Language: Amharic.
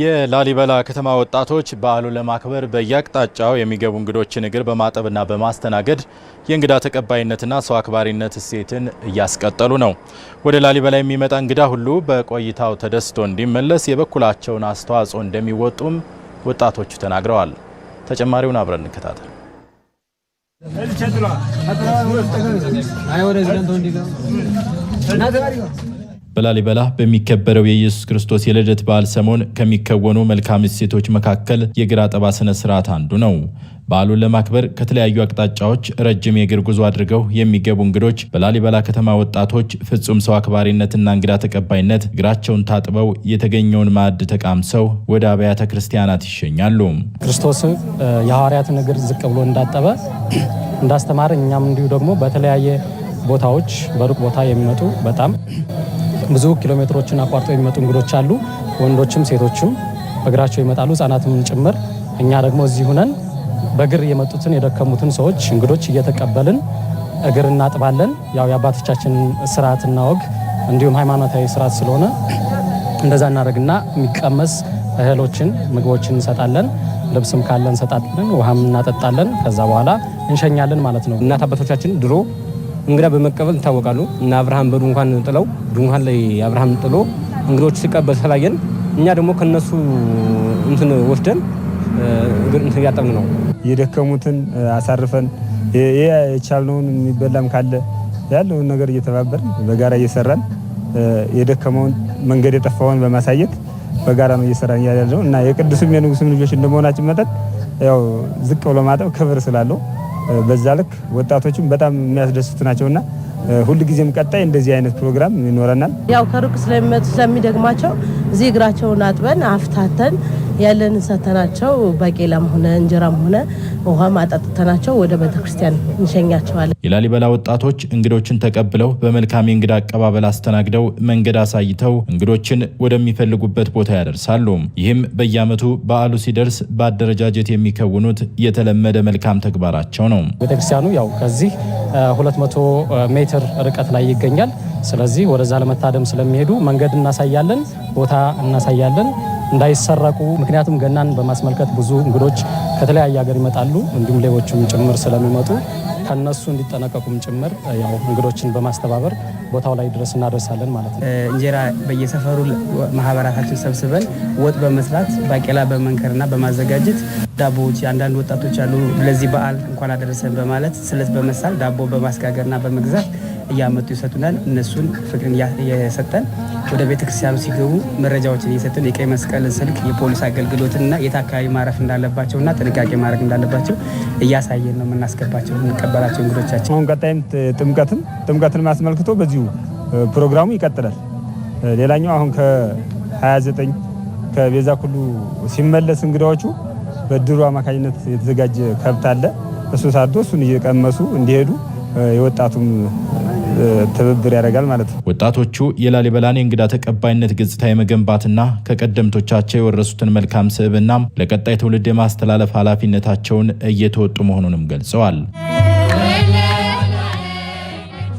የላሊበላ ከተማ ወጣቶች በዓሉን ለማክበር በየአቅጣጫው የሚገቡ እንግዶችን እግር በማጠብና በማስተናገድ የእንግዳ ተቀባይነትና ሰው አክባሪነት እሴትን እያስቀጠሉ ነው። ወደ ላሊበላ የሚመጣ እንግዳ ሁሉ በቆይታው ተደስቶ እንዲመለስ የበኩላቸውን አስተዋጽኦ እንደሚወጡም ወጣቶቹ ተናግረዋል። ተጨማሪውን አብረን እንከታተል። በላሊበላ በሚከበረው የኢየሱስ ክርስቶስ የልደት በዓል ሰሞን ከሚከወኑ መልካም እሴቶች መካከል የግራ ጠባ ስነ ስርዓት አንዱ ነው። በዓሉን ለማክበር ከተለያዩ አቅጣጫዎች ረጅም የእግር ጉዞ አድርገው የሚገቡ እንግዶች በላሊበላ ከተማ ወጣቶች ፍጹም ሰው አክባሪነትና እንግዳ ተቀባይነት እግራቸውን ታጥበው የተገኘውን ማዕድ ተቃምሰው ወደ አብያተ ክርስቲያናት ይሸኛሉ። ክርስቶስ የሐዋርያትን እግር ዝቅ ብሎ እንዳጠበ እንዳስተማረ እኛም እንዲሁ ደግሞ በተለያየ ቦታዎች በሩቅ ቦታ የሚመጡ በጣም ብዙ ኪሎ ሜትሮችን አቋርጠው የሚመጡ እንግዶች አሉ። ወንዶችም ሴቶችም በእግራቸው ይመጣሉ፣ ህጻናትም ጭምር። እኛ ደግሞ እዚህ ሁነን በእግር የመጡትን የደከሙትን ሰዎች እንግዶች እየተቀበልን እግር እናጥባለን። ያው የአባቶቻችን ስርዓትና ወግ እንዲሁም ሃይማኖታዊ ስርዓት ስለሆነ እንደዛ እናደርግና የሚቀመስ እህሎችን ምግቦችን እንሰጣለን። ልብስም ካለ እንሰጣለን፣ ውሃም እናጠጣለን። ከዛ በኋላ እንሸኛለን ማለት ነው። እናት አባቶቻችን ድሮ እንግዳ በመቀበል ይታወቃሉ እና አብርሃም በድንኳን ጥለው ድንኳን ላይ አብርሃም ጥሎ እንግዶች ሲቀበል ስላየን እኛ ደግሞ ከነሱ እንትን ወስደን እንትን እያጠብን ነው። የደከሙትን አሳርፈን የቻልነውን የሚበላም ካለ ያለውን ነገር እየተባበር በጋራ እየሰራን የደከመውን መንገድ የጠፋውን በማሳየት በጋራ ነው እየሰራን እያለ ነው እና የቅዱስም የንጉስም ልጆች እንደመሆናችን መጠን ያው ዝቅ ብሎ ማጠብ ክብር ስላለው በዛ ልክ ወጣቶችም በጣም የሚያስደስቱ ናቸውና ሁል ጊዜም ቀጣይ እንደዚህ አይነት ፕሮግራም ይኖረናል። ያው ከሩቅ ስለሚመጡ ስለሚደግማቸው እዚህ እግራቸውን አጥበን አፍታተን ያለን ሰተናቸው ባቄላም ሆነ እንጀራም ሆነ ውሃም አጠጥተናቸው ወደ ቤተክርስቲያን እንሸኛቸዋለን። የላሊበላ ወጣቶች እንግዶችን ተቀብለው በመልካም የእንግዳ አቀባበል አስተናግደው መንገድ አሳይተው እንግዶችን ወደሚፈልጉበት ቦታ ያደርሳሉ። ይህም በየዓመቱ በዓሉ ሲደርስ በአደረጃጀት የሚከውኑት የተለመደ መልካም ተግባራቸው ነው። ቤተክርስቲያኑ ያው ከዚህ 200 ሜትር ርቀት ላይ ይገኛል። ስለዚህ ወደዛ ለመታደም ስለሚሄዱ መንገድ እናሳያለን፣ ቦታ እናሳያለን። እንዳይሰረቁ። ምክንያቱም ገናን በማስመልከት ብዙ እንግዶች ከተለያየ ሀገር ይመጣሉ፣ እንዲሁም ሌቦችም ጭምር ስለሚመጡ ከነሱ እንዲጠነቀቁም ጭምር ያው እንግዶችን በማስተባበር ቦታው ላይ ድረስ እናደርሳለን ማለት ነው። እንጀራ በየሰፈሩ ማህበራታችን ሰብስበን ወጥ በመስራት ባቄላ በመንከርና በማዘጋጀት ዳቦዎች አንዳንድ ወጣቶች አሉ ለዚህ በዓል እንኳን አደረሰን በማለት ስለት በመሳል ዳቦ በማስጋገርና በመግዛት እያመጡ ይሰጡናል። እነሱን ፍቅርን እየሰጠን ወደ ቤተ ክርስቲያኑ ሲገቡ መረጃዎችን እየሰጥን የቀይ መስቀል ስልክ፣ የፖሊስ አገልግሎትና የት አካባቢ ማረፍ እንዳለባቸውና ጥንቃቄ ማድረግ እንዳለባቸው እያሳየን ነው የምናስገባቸው የምንቀበላቸው እንግዶቻችን። አሁን ቀጣይም ጥምቀትን ጥምቀትን አስመልክቶ በዚሁ ፕሮግራሙ ይቀጥላል። ሌላኛው አሁን ከ29 ከቤዛ ኩሉ ሲመለስ እንግዳዎቹ በድሩ አማካኝነት የተዘጋጀ ከብት አለ። እሱ ታርዶ እሱን እየቀመሱ እንዲሄዱ የወጣቱም ትብብር ያደርጋል ማለት ነው። ወጣቶቹ የላሊበላን የእንግዳ ተቀባይነት ገጽታ የመገንባትና ከቀደምቶቻቸው የወረሱትን መልካም ስብዕናም ለቀጣይ ትውልድ የማስተላለፍ ኃላፊነታቸውን እየተወጡ መሆኑንም ገልጸዋል።